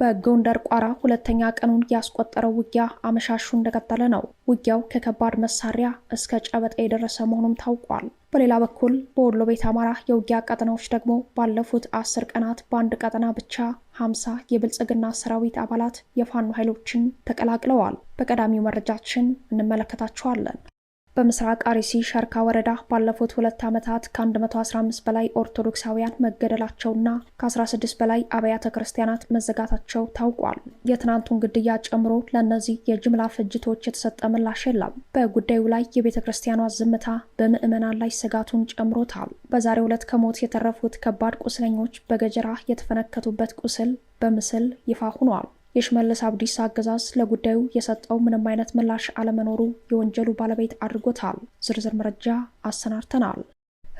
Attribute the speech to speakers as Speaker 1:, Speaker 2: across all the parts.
Speaker 1: በጎንደር ቋራ ሁለተኛ ቀኑን ያስቆጠረው ውጊያ አመሻሹ እንደቀጠለ ነው። ውጊያው ከከባድ መሳሪያ እስከ ጨበጣ የደረሰ መሆኑም ታውቋል። በሌላ በኩል በወሎ ቤት አማራ የውጊያ ቀጠናዎች ደግሞ ባለፉት አስር ቀናት በአንድ ቀጠና ብቻ ሀምሳ የብልጽግና ሰራዊት አባላት የፋኖ ኃይሎችን ተቀላቅለዋል። በቀዳሚው መረጃችን እንመለከታቸዋለን። በምስራቅ አርሲ ሸርካ ወረዳ ባለፉት ሁለት ዓመታት ከ115 በላይ ኦርቶዶክሳውያን መገደላቸውና ከ16 በላይ አብያተ ክርስቲያናት መዘጋታቸው ታውቋል። የትናንቱን ግድያ ጨምሮ ለእነዚህ የጅምላ ፍጅቶች የተሰጠ ምላሽ የለም። በጉዳዩ ላይ የቤተ ክርስቲያኗ ዝምታ በምዕመናን ላይ ስጋቱን ጨምሮታል። በዛሬው ዕለት ከሞት የተረፉት ከባድ ቁስለኞች በገጀራ የተፈነከቱበት ቁስል በምስል ይፋ ሆኗል። የሽመልስ አብዲሳ አገዛዝ ለጉዳዩ የሰጠው ምንም አይነት ምላሽ አለመኖሩ የወንጀሉ ባለቤት አድርጎታል። ዝርዝር መረጃ አሰናድተናል።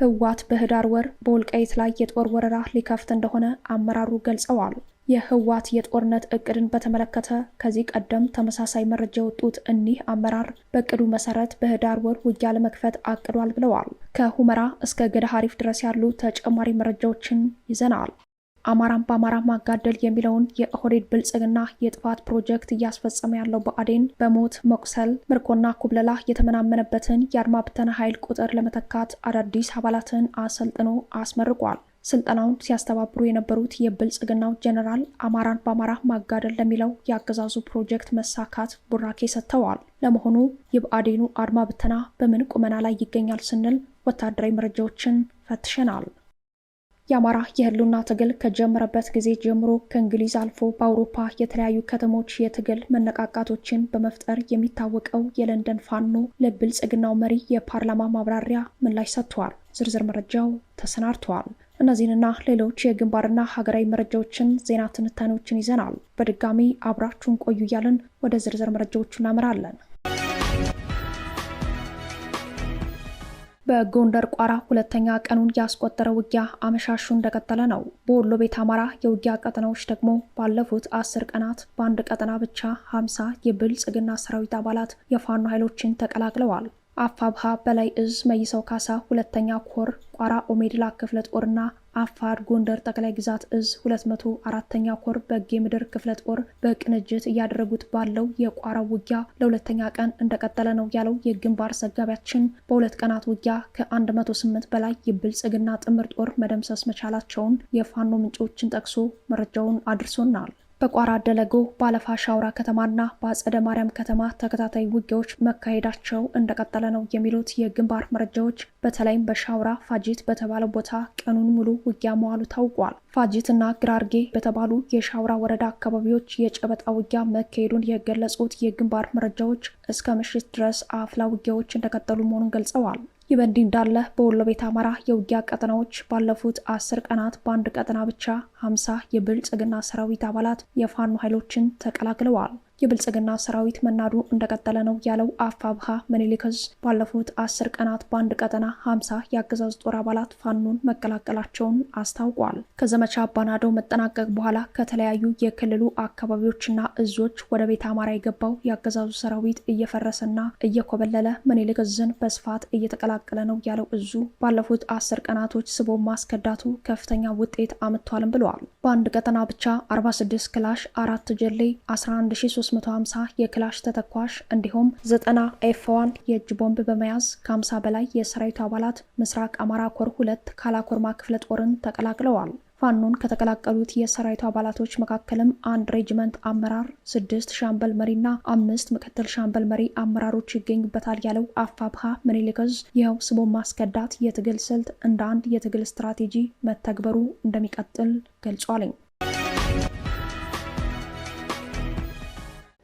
Speaker 1: ህወሓት በህዳር ወር በወልቃይት ላይ የጦር ወረራ ሊከፍት እንደሆነ አመራሩ ገልጸዋል። የህወሓት የጦርነት እቅድን በተመለከተ ከዚህ ቀደም ተመሳሳይ መረጃ የወጡት እኒህ አመራር በእቅዱ መሰረት በህዳር ወር ውጊያ ለመክፈት አቅዷል ብለዋል። ከሁመራ እስከ ገዳ ሐሪፍ ድረስ ያሉ ተጨማሪ መረጃዎችን ይዘናል። አማራን በአማራ ማጋደል የሚለውን የኦህዴድ ብልጽግና የጥፋት ፕሮጀክት እያስፈጸመ ያለው ብአዴን በሞት መቁሰል፣ ምርኮና ኩብለላ የተመናመነበትን የአድማ ብተና ኃይል ቁጥር ለመተካት አዳዲስ አባላትን አሰልጥኖ አስመርቋል። ስልጠናውን ሲያስተባብሩ የነበሩት የብልጽግናው ጀኔራል አማራን በአማራ ማጋደል ለሚለው የአገዛዙ ፕሮጀክት መሳካት ቡራኬ ሰጥተዋል። ለመሆኑ የብአዴኑ አድማ ብተና በምን ቁመና ላይ ይገኛል ስንል ወታደራዊ መረጃዎችን ፈትሸናል። የአማራ የህልውና ትግል ከጀመረበት ጊዜ ጀምሮ ከእንግሊዝ አልፎ በአውሮፓ የተለያዩ ከተሞች የትግል መነቃቃቶችን በመፍጠር የሚታወቀው የለንደን ፋኖ ለብልጽግናው መሪ የፓርላማ ማብራሪያ ምላሽ ሰጥተዋል። ዝርዝር መረጃው ተሰናድተዋል። እነዚህንና ሌሎች የግንባርና ሀገራዊ መረጃዎችን፣ ዜና ትንታኔዎችን ይዘናል። በድጋሚ አብራችሁን ቆዩ እያልን ወደ ዝርዝር መረጃዎቹ እናመራለን። በጎንደር ቋራ ሁለተኛ ቀኑን ያስቆጠረ ውጊያ አመሻሹ እንደቀጠለ ነው። በወሎ ቤት አማራ የውጊያ ቀጠናዎች ደግሞ ባለፉት አስር ቀናት በአንድ ቀጠና ብቻ ሀምሳ የብልጽግና ሰራዊት አባላት የፋኖ ኃይሎችን ተቀላቅለዋል። አፋብሃ በላይ እዝ መይሰው ካሳ ሁለተኛ ኮር ቋራ ኦሜድላ ክፍለ ጦርና አፋር ጎንደር ጠቅላይ ግዛት እዝ 204ኛ ኮር በጌ ምድር ክፍለ ጦር በቅንጅት እያደረጉት ባለው የቋራ ውጊያ ለሁለተኛ ቀን እንደቀጠለ ነው ያለው የግንባር ዘጋቢያችን፣ በሁለት ቀናት ውጊያ ከ108 በላይ የብልጽግና ጥምር ጦር መደምሰስ መቻላቸውን የፋኖ ምንጮችን ጠቅሶ መረጃውን አድርሶናል። በቋራ አደለጎ በአለፋ ሻውራ ከተማና በአጸደ ማርያም ከተማ ተከታታይ ውጊያዎች መካሄዳቸው እንደቀጠለ ነው የሚሉት የግንባር መረጃዎች በተለይም በሻውራ ፋጂት በተባለ ቦታ ቀኑን ሙሉ ውጊያ መዋሉ ታውቋል። እና ግራርጌ በተባሉ የሻውራ ወረዳ አካባቢዎች የጨበጣ ውጊያ መካሄዱን የገለጹት የግንባር መረጃዎች እስከ ምሽት ድረስ አፍላ ውጊያዎች እንደቀጠሉ መሆኑን ገልጸዋል። ይህ በእንዲህ እንዳለ በወሎ ቤት አማራ የውጊያ ቀጠናዎች ባለፉት አስር ቀናት በአንድ ቀጠና ብቻ ሀምሳ የብልጽግና ሰራዊት አባላት የፋኖ ኃይሎችን ተቀላቅለዋል። የብልጽግና ሰራዊት መናዱ እንደቀጠለ ነው ያለው አፋብሃ መኔሊከዝ ባለፉት አስር ቀናት በአንድ ቀጠና ሀምሳ የአገዛዝ ጦር አባላት ፋኖን መቀላቀላቸውን አስታውቋል። ከዘመቻ አባናዶ መጠናቀቅ በኋላ ከተለያዩ የክልሉ አካባቢዎችና እዞች ወደ ቤተ አማራ የገባው የአገዛዙ ሰራዊት እየፈረሰና እየኮበለለ መኔሊከዝን በስፋት እየተቀላቀለ ነው ያለው እዙ ባለፉት አስር ቀናቶች ስቦ ማስከዳቱ ከፍተኛ ውጤት አምጥቷልም ብለዋል። በአንድ ቀጠና ብቻ 46 ክላሽ አራት ጀሌ 11 350 የክላሽ ተተኳሽ እንዲሁም 90 ኤፍ1 የእጅ ቦምብ በመያዝ ከ50 በላይ የሰራዊቱ አባላት ምስራቅ አማራ ኮር ሁለት ካላኮርማ ክፍለ ጦርን ተቀላቅለዋል። ፋኖን ከተቀላቀሉት የሰራዊቱ አባላቶች መካከልም አንድ ሬጅመንት አመራር፣ ስድስት ሻምበል መሪና አምስት ምክትል ሻምበል መሪ አመራሮች ይገኙበታል ያለው አፋብሃ ምኒልክዝ ይኸው ስቦ ማስከዳት የትግል ስልት እንደ አንድ የትግል ስትራቴጂ መተግበሩ እንደሚቀጥል ገልጿልኝ።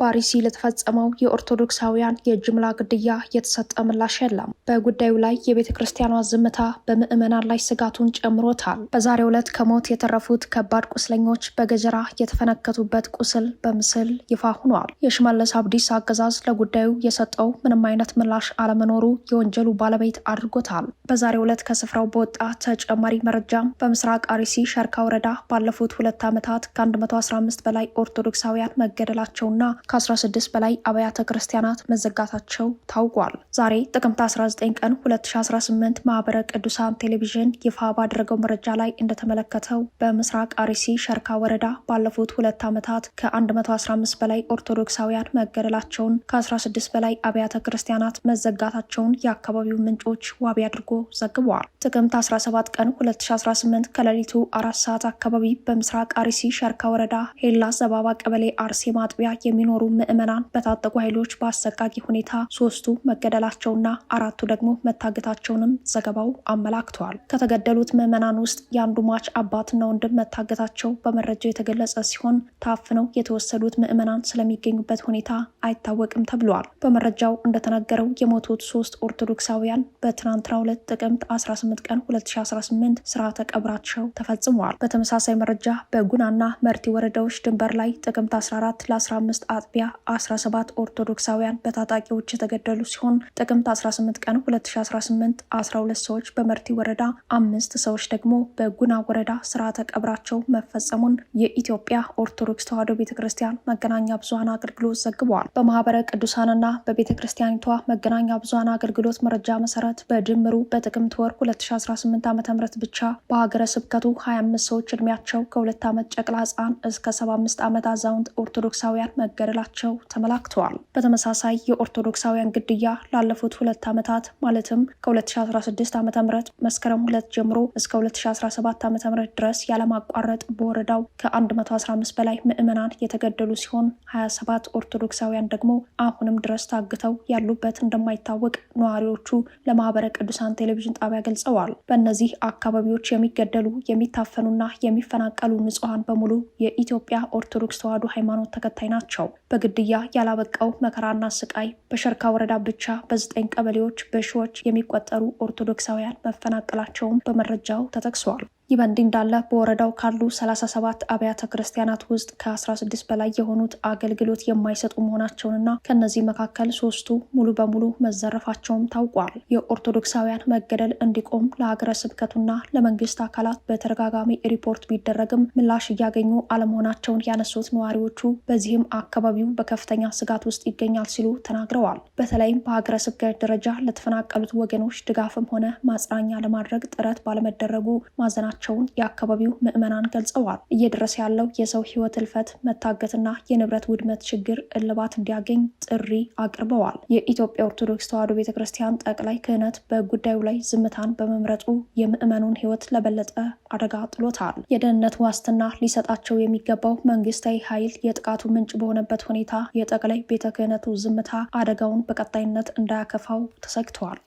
Speaker 1: ፓሪሲ ለተፈጸመው የኦርቶዶክሳውያን የጅምላ ግድያ የተሰጠ ምላሽ የለም። በጉዳዩ ላይ የቤተ ክርስቲያኗ ዝምታ በምዕመናን ላይ ስጋቱን ጨምሮታል። በዛሬው ዕለት ከሞት የተረፉት ከባድ ቁስለኞች በገጀራ የተፈነከቱበት ቁስል በምስል ይፋ ሆኗል። የሽመለስ አብዲስ አገዛዝ ለጉዳዩ የሰጠው ምንም አይነት ምላሽ አለመኖሩ የወንጀሉ ባለቤት አድርጎታል። በዛሬው ዕለት ከስፍራው በወጣ ተጨማሪ መረጃም በምስራቅ አርሲ ሸርካ ወረዳ ባለፉት ሁለት ዓመታት ከ115 በላይ ኦርቶዶክሳውያን መገደላቸውና ከ16 በላይ አብያተ ክርስቲያናት መዘጋታቸው ታውቋል። ዛሬ ጥቅምት 19 ቀን 2018 ማህበረ ቅዱሳን ቴሌቪዥን ይፋ ባደረገው መረጃ ላይ እንደተመለከተው በምስራቅ አርሲ ሸርካ ወረዳ ባለፉት ሁለት ዓመታት ከ115 በላይ ኦርቶዶክሳውያን መገደላቸውን፣ ከ16 በላይ አብያተ ክርስቲያናት መዘጋታቸውን የአካባቢው ምንጮች ዋቢ አድርጎ ዘግበዋል። ጥቅምት 17 ቀን 2018 ከሌሊቱ አራት ሰዓት አካባቢ በምስራቅ አርሲ ሸርካ ወረዳ ሄላ ዘባባ ቀበሌ አርሴ ማጥቢያ የሚኖሩ የሚኖሩ ምዕመናን በታጠቁ ኃይሎች በአሰቃቂ ሁኔታ ሶስቱ መገደላቸውና አራቱ ደግሞ መታገታቸውንም ዘገባው አመላክተዋል። ከተገደሉት ምዕመናን ውስጥ የአንዱ ሟች አባትና ወንድም መታገታቸው በመረጃው የተገለጸ ሲሆን ታፍነው የተወሰዱት ምዕመናን ስለሚገኙበት ሁኔታ አይታወቅም ተብሏል። በመረጃው እንደተነገረው የሞቱት ሶስት ኦርቶዶክሳውያን በትናንትና ሁለት ጥቅምት 18 ቀን 2018 ስርዓተ ቀብራቸው ተፈጽመዋል። በተመሳሳይ መረጃ በጉናና መርቲ ወረዳዎች ድንበር ላይ ጥቅምት 14 ለ15 ሳቢያ 17 ኦርቶዶክሳውያን በታጣቂዎች የተገደሉ ሲሆን ጥቅምት 18 ቀን 2018 12 ሰዎች በመርቲ ወረዳ፣ አምስት ሰዎች ደግሞ በጉና ወረዳ ስርዓተ ቀብራቸው መፈጸሙን የኢትዮጵያ ኦርቶዶክስ ተዋሕዶ ቤተ ክርስቲያን መገናኛ ብዙሃን አገልግሎት ዘግበዋል። በማህበረ ቅዱሳንና በቤተ ክርስቲያኒቷ መገናኛ ብዙሃን አገልግሎት መረጃ መሰረት በድምሩ በጥቅምት ወር 2018 ዓ ም ብቻ በሀገረ ስብከቱ 25 ሰዎች እድሜያቸው ከሁለት ዓመት ጨቅላ ህፃን እስከ 75 ዓመት አዛውንት ኦርቶዶክሳውያን መገደል መገደላቸው ተመላክተዋል። በተመሳሳይ የኦርቶዶክሳውያን ግድያ ላለፉት ሁለት ዓመታት ማለትም ከ2016 ዓ ም መስከረም ሁለት ጀምሮ እስከ 2017 ዓ ም ድረስ ያለማቋረጥ በወረዳው ከ115 በላይ ምዕመናን የተገደሉ ሲሆን 27 ኦርቶዶክሳውያን ደግሞ አሁንም ድረስ ታግተው ያሉበት እንደማይታወቅ ነዋሪዎቹ ለማህበረ ቅዱሳን ቴሌቪዥን ጣቢያ ገልጸዋል። በእነዚህ አካባቢዎች የሚገደሉ የሚታፈኑና የሚፈናቀሉ ንጹሐን በሙሉ የኢትዮጵያ ኦርቶዶክስ ተዋሕዶ ሃይማኖት ተከታይ ናቸው። በግድያ ያላበቃው መከራና ስቃይ በሸርካ ወረዳ ብቻ በዘጠኝ ቀበሌዎች በሺዎች የሚቆጠሩ ኦርቶዶክሳውያን መፈናቀላቸውን በመረጃው ተጠቅሷል። ይህ በእንዲህ እንዳለ በወረዳው ካሉ 37 አብያተ ክርስቲያናት ውስጥ ከ16 በላይ የሆኑት አገልግሎት የማይሰጡ መሆናቸውንና ከእነዚህ መካከል ሶስቱ ሙሉ በሙሉ መዘረፋቸውም ታውቋል። የኦርቶዶክሳውያን መገደል እንዲቆም ለሀገረ ስብከቱና ለመንግስት አካላት በተደጋጋሚ ሪፖርት ቢደረግም ምላሽ እያገኙ አለመሆናቸውን ያነሱት ነዋሪዎቹ በዚህም አካባቢው በከፍተኛ ስጋት ውስጥ ይገኛል ሲሉ ተናግረዋል። በተለይም በሀገረ ስብከት ደረጃ ለተፈናቀሉት ወገኖች ድጋፍም ሆነ ማጽናኛ ለማድረግ ጥረት ባለመደረጉ ማዘናቸው መሆናቸውን የአካባቢው ምዕመናን ገልጸዋል። እየደረሰ ያለው የሰው ሕይወት እልፈት፣ መታገትና የንብረት ውድመት ችግር እልባት እንዲያገኝ ጥሪ አቅርበዋል። የኢትዮጵያ ኦርቶዶክስ ተዋሕዶ ቤተ ክርስቲያን ጠቅላይ ክህነት በጉዳዩ ላይ ዝምታን በመምረጡ የምዕመኑን ሕይወት ለበለጠ አደጋ ጥሎታል። የደህንነት ዋስትና ሊሰጣቸው የሚገባው መንግስታዊ ኃይል የጥቃቱ ምንጭ በሆነበት ሁኔታ የጠቅላይ ቤተ ክህነቱ ዝምታ አደጋውን በቀጣይነት እንዳያከፋው ተሰግተዋል።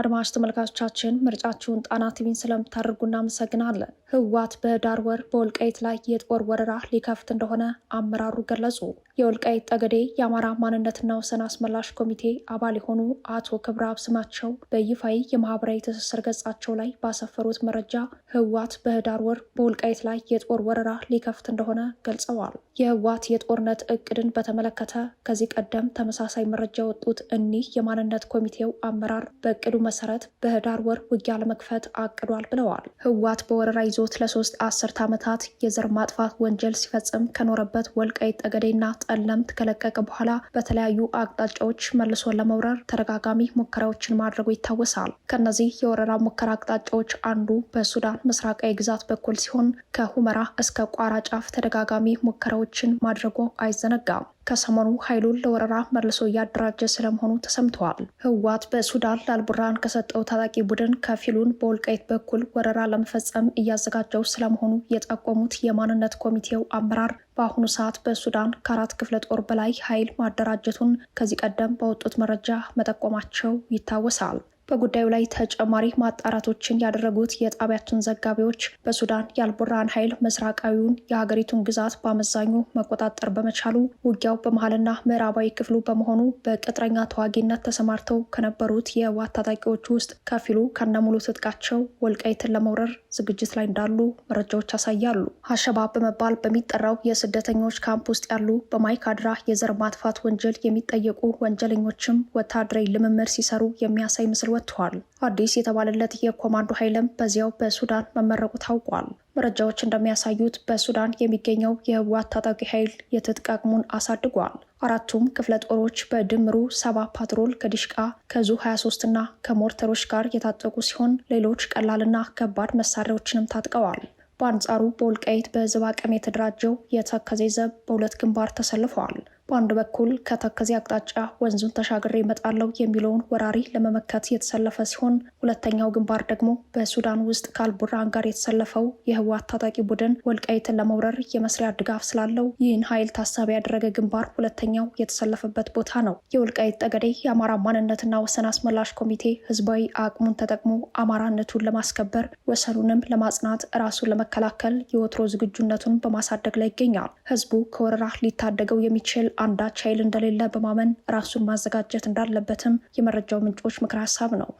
Speaker 1: አድማጭ ተመልካቾቻችን ምርጫችሁን ጣና ቲቪን ስለምታደርጉ እናመሰግናለን። ህወሓት በህዳር ወር በወልቃይት ላይ የጦር ወረራ ሊከፍት እንደሆነ አመራሩ ገለጹ። የወልቃይት ጠገዴ የአማራ ማንነትና ወሰን አስመላሽ ኮሚቴ አባል የሆኑ አቶ ክብረአብ ስማቸው በይፋዊ የማህበራዊ ትስስር ገጻቸው ላይ ባሰፈሩት መረጃ ህወሓት በህዳር ወር በወልቃይት ላይ የጦር ወረራ ሊከፍት እንደሆነ ገልጸዋል። የህወሓት የጦርነት እቅድን በተመለከተ ከዚህ ቀደም ተመሳሳይ መረጃ የወጡት እኒህ የማንነት ኮሚቴው አመራር በእቅዱ መሰረት በህዳር ወር ውጊያ ለመክፈት አቅዷል ብለዋል። ህወሓት በወረራ ይዞት ለሶስት አስርት ዓመታት የዘር ማጥፋት ወንጀል ሲፈጽም ከኖረበት ወልቃይት ጠገዴና ጠለምት ከለቀቀ በኋላ በተለያዩ አቅጣጫዎች መልሶ ለመውረር ተደጋጋሚ ሙከራዎችን ማድረጉ ይታወሳል። ከነዚህ የወረራ ሙከራ አቅጣጫዎች አንዱ በሱዳን ምስራቃዊ ግዛት በኩል ሲሆን ከሁመራ እስከ ቋራ ጫፍ ተደጋጋሚ ሙከራዎችን ማድረጉ አይዘነጋም። ከሰሞኑ ኃይሉን ለወረራ መልሶ እያደራጀ ስለመሆኑ ተሰምተዋል። ህወሓት በሱዳን ለአልቡርሃን ከሰጠው ታጣቂ ቡድን ከፊሉን በወልቃይት በኩል ወረራ ለመፈጸም እያዘጋጀው ስለመሆኑ የጠቆሙት የማንነት ኮሚቴው አመራር በአሁኑ ሰዓት በሱዳን ከአራት ክፍለ ጦር በላይ ኃይል ማደራጀቱን ከዚህ ቀደም በወጡት መረጃ መጠቆማቸው ይታወሳል። በጉዳዩ ላይ ተጨማሪ ማጣራቶችን ያደረጉት የጣቢያችን ዘጋቢዎች በሱዳን የአልቡርሃን ኃይል ምስራቃዊውን የሀገሪቱን ግዛት በአመዛኙ መቆጣጠር በመቻሉ ውጊያው በመሀልና ምዕራባዊ ክፍሉ በመሆኑ በቅጥረኛ ተዋጊነት ተሰማርተው ከነበሩት የህወሓት ታጣቂዎች ውስጥ ከፊሉ ከነሙሉ ትጥቃቸው ወልቃይትን ለመውረር ዝግጅት ላይ እንዳሉ መረጃዎች ያሳያሉ። አሸባብ በመባል በሚጠራው የስደተኞች ካምፕ ውስጥ ያሉ በማይካድራ የዘር ማጥፋት ወንጀል የሚጠየቁ ወንጀለኞችም ወታደራዊ ልምምድ ሲሰሩ የሚያሳይ ምስል መጥቷል። አዲስ የተባለለት የኮማንዶ ኃይልም በዚያው በሱዳን መመረቁ ታውቋል። መረጃዎች እንደሚያሳዩት በሱዳን የሚገኘው የህወሓት ታጣቂ ኃይል የትጥቅ አቅሙን አሳድጓል። አራቱም ክፍለ ጦሮች በድምሩ ሰባ ፓትሮል ከዲሽቃ ከዙ 23 እና ከሞርተሮች ጋር የታጠቁ ሲሆን ሌሎች ቀላልና ከባድ መሳሪያዎችንም ታጥቀዋል። በአንጻሩ በወልቃይት በዝባቀም የተደራጀው የተከዜ ዘብ በሁለት ግንባር ተሰልፈዋል። በአንድ በኩል ከተከዜ አቅጣጫ ወንዙን ተሻግሬ እመጣለሁ የሚለውን ወራሪ ለመመከት የተሰለፈ ሲሆን ሁለተኛው ግንባር ደግሞ በሱዳን ውስጥ ከአልቡርሃን ጋር የተሰለፈው የህወሓት ታጣቂ ቡድን ወልቃይትን ለመውረር የመስሪያ ድጋፍ ስላለው ይህን ኃይል ታሳቢ ያደረገ ግንባር ሁለተኛው የተሰለፈበት ቦታ ነው። የወልቃይት ጠገዴ የአማራ ማንነትና ወሰን አስመላሽ ኮሚቴ ህዝባዊ አቅሙን ተጠቅሞ አማራነቱን ለማስከበር ወሰኑንም ለማጽናት ራሱን ለመከላከል የወትሮ ዝግጁነቱን በማሳደግ ላይ ይገኛል። ህዝቡ ከወረራ ሊታደገው የሚችል አንዳች ኃይል እንደሌለ በማመን ራሱን ማዘጋጀት እንዳለበትም የመረጃው ምንጮች ምክር ሀሳብ ነው።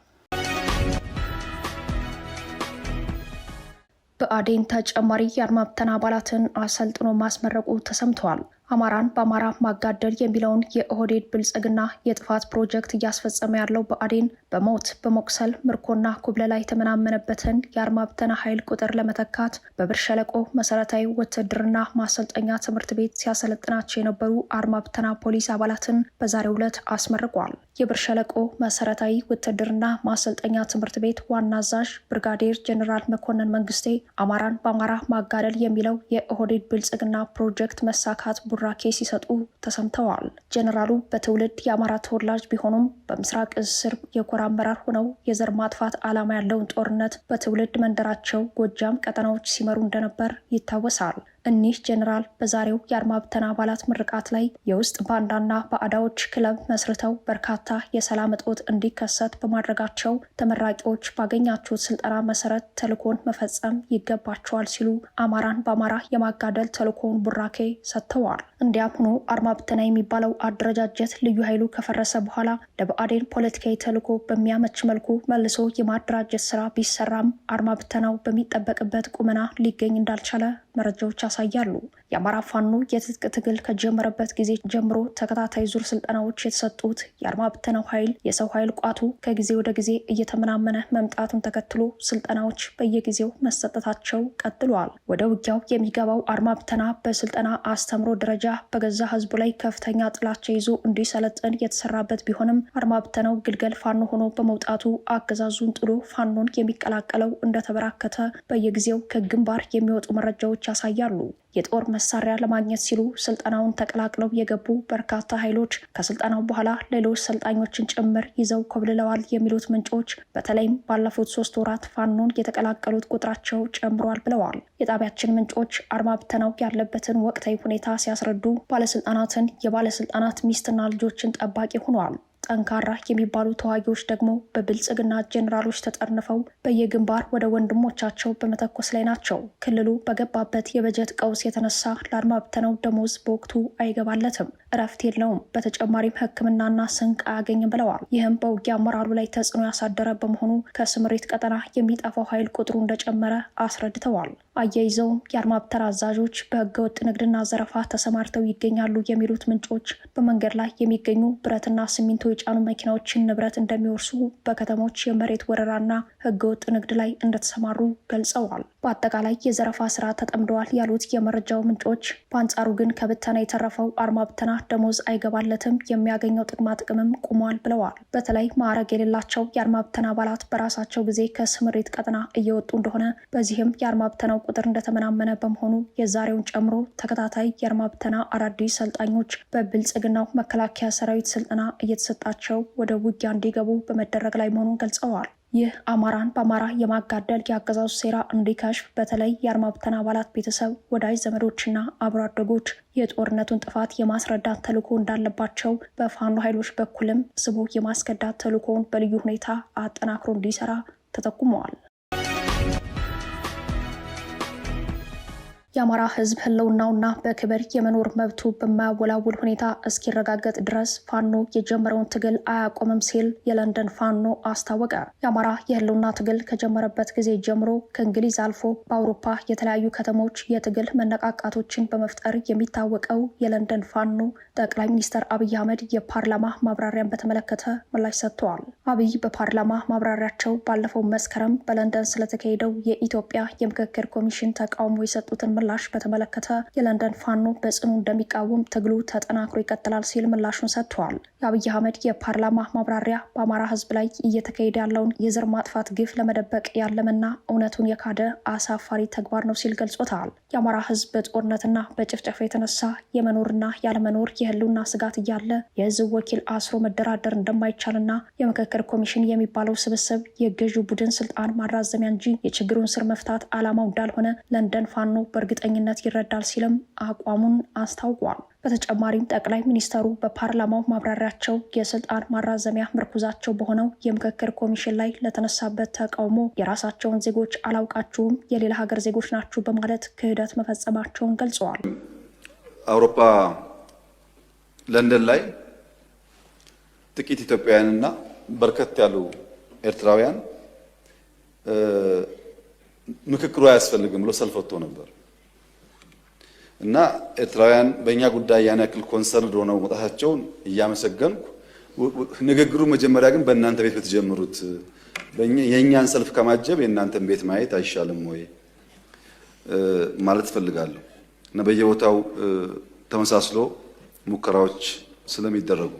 Speaker 1: በአዴን ተጨማሪ የአድማ ብተና አባላትን አሰልጥኖ ማስመረቁ ተሰምተዋል። አማራን በአማራ ማጋደል የሚለውን የኦህዴድ ብልጽግና የጥፋት ፕሮጀክት እያስፈጸመ ያለው በአዴን በሞት በመቁሰል ምርኮና ኩብለላ የተመናመነበትን የአርማብተና ኃይል ቁጥር ለመተካት በብር ሸለቆ መሰረታዊ ውትድርና ማሰልጠኛ ትምህርት ቤት ሲያሰለጥናቸው የነበሩ አርማብተና ፖሊስ አባላትን በዛሬው ዕለት አስመርቋል። የብር ሸለቆ መሰረታዊ ውትድርና ማሰልጠኛ ትምህርት ቤት ዋና አዛዥ ብርጋዴር ጀኔራል መኮንን መንግስቴ አማራን በአማራ ማጋደል የሚለው የኦህዴድ ብልጽግና ፕሮጀክት መሳካት ቡድን ቡራኬ ሲሰጡ ተሰምተዋል። ጀነራሉ በትውልድ የአማራ ተወላጅ ቢሆኑም በምስራቅ እዝ ስር የኮር አመራር ሆነው የዘር ማጥፋት ዓላማ ያለውን ጦርነት በትውልድ መንደራቸው ጎጃም ቀጠናዎች ሲመሩ እንደነበር ይታወሳል። እኒህ ጄኔራል በዛሬው የአድማ አባላት ምርቃት ላይ የውስጥ ባንዳና በአዳዎች ክለብ መስርተው በርካታ የሰላም እጦት እንዲከሰት በማድረጋቸው ተመራቂዎች ባገኛችሁት ስልጠና መሰረት ተልኮን መፈጸም ይገባቸዋል ሲሉ አማራን በአማራ የማጋደል ተልኮውን ቡራኬ ሰጥተዋል። እንዲያም ሆኖ አርማብተና የሚባለው አደረጃጀት ልዩ ኃይሉ ከፈረሰ በኋላ ለብአዴን ፖለቲካዊ ተልኮ በሚያመች መልኩ መልሶ የማደራጀት ስራ ቢሰራም አርማብተናው በሚጠበቅበት ቁመና ሊገኝ እንዳልቻለ መረጃዎች ያሳያሉ። የአማራ ፋኖ የትጥቅ ትግል ከጀመረበት ጊዜ ጀምሮ ተከታታይ ዙር ስልጠናዎች የተሰጡት የአድማ ብተናው ኃይል የሰው ኃይል ቋቱ ከጊዜ ወደ ጊዜ እየተመናመነ መምጣቱን ተከትሎ ስልጠናዎች በየጊዜው መሰጠታቸው ቀጥሏል። ወደ ውጊያው የሚገባው አድማ ብተና በስልጠና አስተምሮ ደረጃ በገዛ ህዝቡ ላይ ከፍተኛ ጥላቻ ይዞ እንዲሰለጥን የተሰራበት ቢሆንም አድማ ብተናው ግልገል ፋኖ ሆኖ በመውጣቱ አገዛዙን ጥሎ ፋኖን የሚቀላቀለው እንደተበራከተ በየጊዜው ከግንባር የሚወጡ መረጃዎች መረጃዎች ያሳያሉ። የጦር መሳሪያ ለማግኘት ሲሉ ስልጠናውን ተቀላቅለው የገቡ በርካታ ኃይሎች ከስልጠናው በኋላ ሌሎች ሰልጣኞችን ጭምር ይዘው ኮብልለዋል የሚሉት ምንጮች በተለይም ባለፉት ሶስት ወራት ፋኖን የተቀላቀሉት ቁጥራቸው ጨምሯል ብለዋል። የጣቢያችን ምንጮች አርማ ብተናው ያለበትን ወቅታዊ ሁኔታ ሲያስረዱ ባለስልጣናትን የባለስልጣናት ሚስትና ልጆችን ጠባቂ ሆኗል። ጠንካራ የሚባሉ ተዋጊዎች ደግሞ በብልጽግና ጄኔራሎች ተጠርንፈው በየግንባር ወደ ወንድሞቻቸው በመተኮስ ላይ ናቸው። ክልሉ በገባበት የበጀት ቀውስ የተነሳ ለአድማ ብተነው ደሞዝ በወቅቱ አይገባለትም፣ እረፍት የለውም። በተጨማሪም ሕክምናና ስንቅ አያገኝም ብለዋል። ይህም በውጊያ አመራሩ ላይ ተጽዕኖ ያሳደረ በመሆኑ ከስምሪት ቀጠና የሚጠፋው ኃይል ቁጥሩ እንደጨመረ አስረድተዋል። አያይዘውም የአድማ ብተና አዛዦች በህገወጥ ንግድና ዘረፋ ተሰማርተው ይገኛሉ የሚሉት ምንጮች በመንገድ ላይ የሚገኙ ብረትና ሲሚንቶ የጫኑ መኪናዎችን ንብረት እንደሚወርሱ፣ በከተሞች የመሬት ወረራና ህገወጥ ንግድ ላይ እንደተሰማሩ ገልጸዋል። በአጠቃላይ የዘረፋ ስራ ተጠምደዋል ያሉት የመ የመረጃው ምንጮች። በአንጻሩ ግን ከብተና የተረፈው አርማ ብተና ደሞዝ አይገባለትም፣ የሚያገኘው ጥቅማ ጥቅምም ቁሟል ብለዋል። በተለይ ማዕረግ የሌላቸው የአርማ ብተና አባላት በራሳቸው ጊዜ ከስምሪት ቀጠና እየወጡ እንደሆነ፣ በዚህም የአርማ ብተናው ቁጥር እንደተመናመነ በመሆኑ የዛሬውን ጨምሮ ተከታታይ የአርማ ብተና አዳዲስ ሰልጣኞች በብልጽግናው መከላከያ ሰራዊት ስልጠና እየተሰጣቸው ወደ ውጊያ እንዲገቡ በመደረግ ላይ መሆኑን ገልጸዋል። ይህ አማራን በአማራ የማጋደል የአገዛዙ ሴራ እንዲከሽፍ በተለይ የአርማብተን አባላት ቤተሰብ፣ ወዳጅ ዘመዶችና አብሮ አደጎች የጦርነቱን ጥፋት የማስረዳት ተልዕኮ እንዳለባቸው በፋኖ ኃይሎች በኩልም ስቦ የማስገዳት ተልዕኮውን በልዩ ሁኔታ አጠናክሮ እንዲሰራ ተጠቁመዋል። የአማራ ሕዝብ ህልውናውና በክብር የመኖር መብቱ በማያወላውል ሁኔታ እስኪረጋገጥ ድረስ ፋኖ የጀመረውን ትግል አያቆምም ሲል የለንደን ፋኖ አስታወቀ። የአማራ የህልውና ትግል ከጀመረበት ጊዜ ጀምሮ ከእንግሊዝ አልፎ በአውሮፓ የተለያዩ ከተሞች የትግል መነቃቃቶችን በመፍጠር የሚታወቀው የለንደን ፋኖ ጠቅላይ ሚኒስትር አብይ አህመድ የፓርላማ ማብራሪያን በተመለከተ ምላሽ ሰጥተዋል። አብይ በፓርላማ ማብራሪያቸው ባለፈው መስከረም በለንደን ስለተካሄደው የኢትዮጵያ የምክክር ኮሚሽን ተቃውሞ የሰጡትን ምላሽ በተመለከተ የለንደን ፋኖ በጽኑ እንደሚቃወም ትግሉ ተጠናክሮ ይቀጥላል ሲል ምላሹን ሰጥተዋል። የአብይ አህመድ የፓርላማ ማብራሪያ በአማራ ህዝብ ላይ እየተካሄደ ያለውን የዘር ማጥፋት ግፍ ለመደበቅ ያለምና እውነቱን የካደ አሳፋሪ ተግባር ነው ሲል ገልጾታል። የአማራ ህዝብ በጦርነትና በጭፍጨፋ የተነሳ የመኖርና ያለመኖር የህልውና ስጋት እያለ የህዝብ ወኪል አስሮ መደራደር እንደማይቻልና የምክክር ኮሚሽን የሚባለው ስብስብ የገዢው ቡድን ስልጣን ማራዘሚያ እንጂ የችግሩን ስር መፍታት ዓላማው እንዳልሆነ ለንደን ፋኖ በእርግ በእርግጠኝነት ይረዳል ሲልም አቋሙን አስታውቋል። በተጨማሪም ጠቅላይ ሚኒስተሩ በፓርላማው ማብራሪያቸው የስልጣን ማራዘሚያ ምርኩዛቸው በሆነው የምክክር ኮሚሽን ላይ ለተነሳበት ተቃውሞ የራሳቸውን ዜጎች አላውቃችሁም፣ የሌላ ሀገር ዜጎች ናችሁ በማለት ክህደት መፈጸማቸውን ገልጸዋል። አውሮፓ ለንደን ላይ ጥቂት ኢትዮጵያውያንና በርከት ያሉ ኤርትራውያን ምክክሩ አያስፈልግም ብሎ ሰልፍ ወጥቶ ነበር። እና ኤርትራውያን በእኛ ጉዳይ ያን ያክል ኮንሰርን ሆነው መውጣታቸውን እያመሰገንኩ ንግግሩ መጀመሪያ ግን በእናንተ ቤት በተጀመሩት የእኛን ሰልፍ ከማጀብ የእናንተን ቤት ማየት አይሻልም ወይ ማለት እፈልጋለሁ እና በየቦታው ተመሳስሎ ሙከራዎች ስለሚደረጉ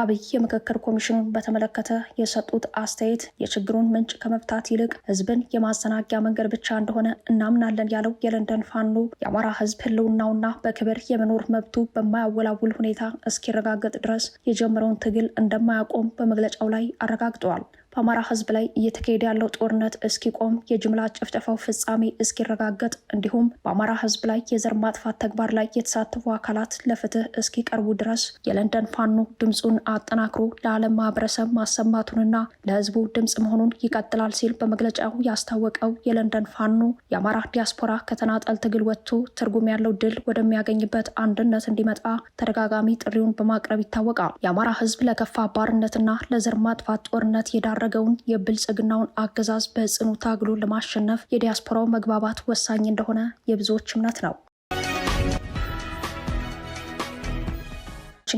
Speaker 1: አብይ የምክክር ኮሚሽኑን በተመለከተ የሰጡት አስተያየት የችግሩን ምንጭ ከመፍታት ይልቅ ህዝብን የማዘናጊያ መንገድ ብቻ እንደሆነ እናምናለን ያለው የለንደን ፋኖ የአማራ ህዝብ ህልውናውና በክብር የመኖር መብቱ በማያወላውል ሁኔታ እስኪረጋገጥ ድረስ የጀመረውን ትግል እንደማያቆም በመግለጫው ላይ አረጋግጠዋል። በአማራ ህዝብ ላይ እየተካሄደ ያለው ጦርነት እስኪቆም፣ የጅምላ ጭፍጨፋው ፍጻሜ እስኪረጋገጥ፣ እንዲሁም በአማራ ህዝብ ላይ የዘር ማጥፋት ተግባር ላይ የተሳተፉ አካላት ለፍትህ እስኪቀርቡ ድረስ የለንደን ፋኖ ድምፁን አጠናክሮ ለዓለም ማህበረሰብ ማሰማቱንና ለህዝቡ ድምፅ መሆኑን ይቀጥላል ሲል በመግለጫው ያስታወቀው የለንደን ፋኖ የአማራ ዲያስፖራ ከተናጠል ትግል ወጥቶ ትርጉም ያለው ድል ወደሚያገኝበት አንድነት እንዲመጣ ተደጋጋሚ ጥሪውን በማቅረብ ይታወቃል። የአማራ ህዝብ ለከፋ ባርነትና ለዘር ማጥፋት ጦርነት የዳ የተዳረገውን የብልጽግናውን አገዛዝ በጽኑ ታግሎ ለማሸነፍ የዲያስፖራው መግባባት ወሳኝ እንደሆነ የብዙዎች እምነት ነው።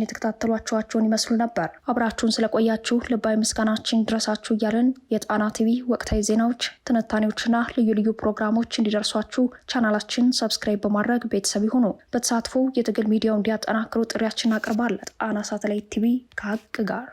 Speaker 1: የተከታተሏቸኋቸውን ይመስሉ ነበር። አብራችሁን ስለቆያችሁ ልባዊ ምስጋናችን ድረሳችሁ እያለን የጣና ቲቪ ወቅታዊ ዜናዎች፣ ትንታኔዎችና ልዩ ልዩ ፕሮግራሞች እንዲደርሷችሁ ቻናላችን ሰብስክራይብ በማድረግ ቤተሰብ ይሁኑ። በተሳትፎ የትግል ሚዲያው እንዲያጠናክሩ ጥሪያችን አቅርባል። ጣና ሳተላይት ቲቪ ከሀቅ ጋር